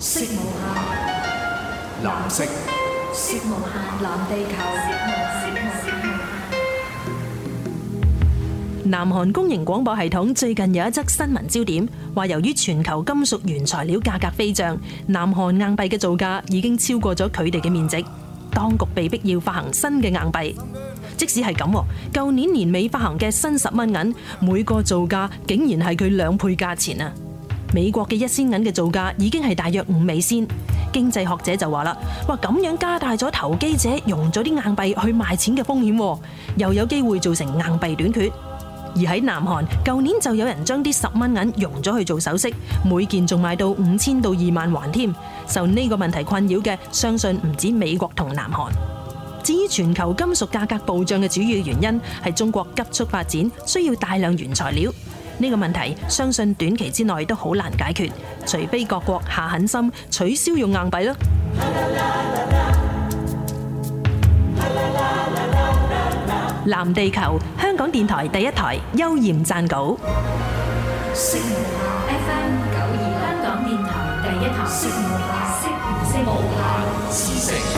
無限，藍色。無限，藍地球。南韓公營廣播系統最近有一則新聞焦點，話由於全球金屬原材料價格飛漲，南韓硬幣嘅造價已經超過咗佢哋嘅面值，當局被逼要發行新嘅硬幣。即使係咁，舊年年尾發行嘅新十蚊銀，每個造價竟然係佢兩倍價錢啊！美國嘅一仙銀嘅造價已經係大約五美仙，經濟學者就話啦，話咁樣加大咗投機者融咗啲硬幣去賣錢嘅風險，又有機會造成硬幣短缺。而喺南韓，舊年就有人將啲十蚊銀融咗去做首飾，每件仲賣到五千到二萬圜添。受呢個問題困擾嘅，相信唔止美國同南韓。至於全球金屬價格暴漲嘅主要原因，係中國急速發展需要大量原材料。呢個問題相信短期之內都好難解決，除非各國下狠心取消用硬幣咯。藍地球香港電台第一台，邱焱撰稿。FM 九二香港電台第一台。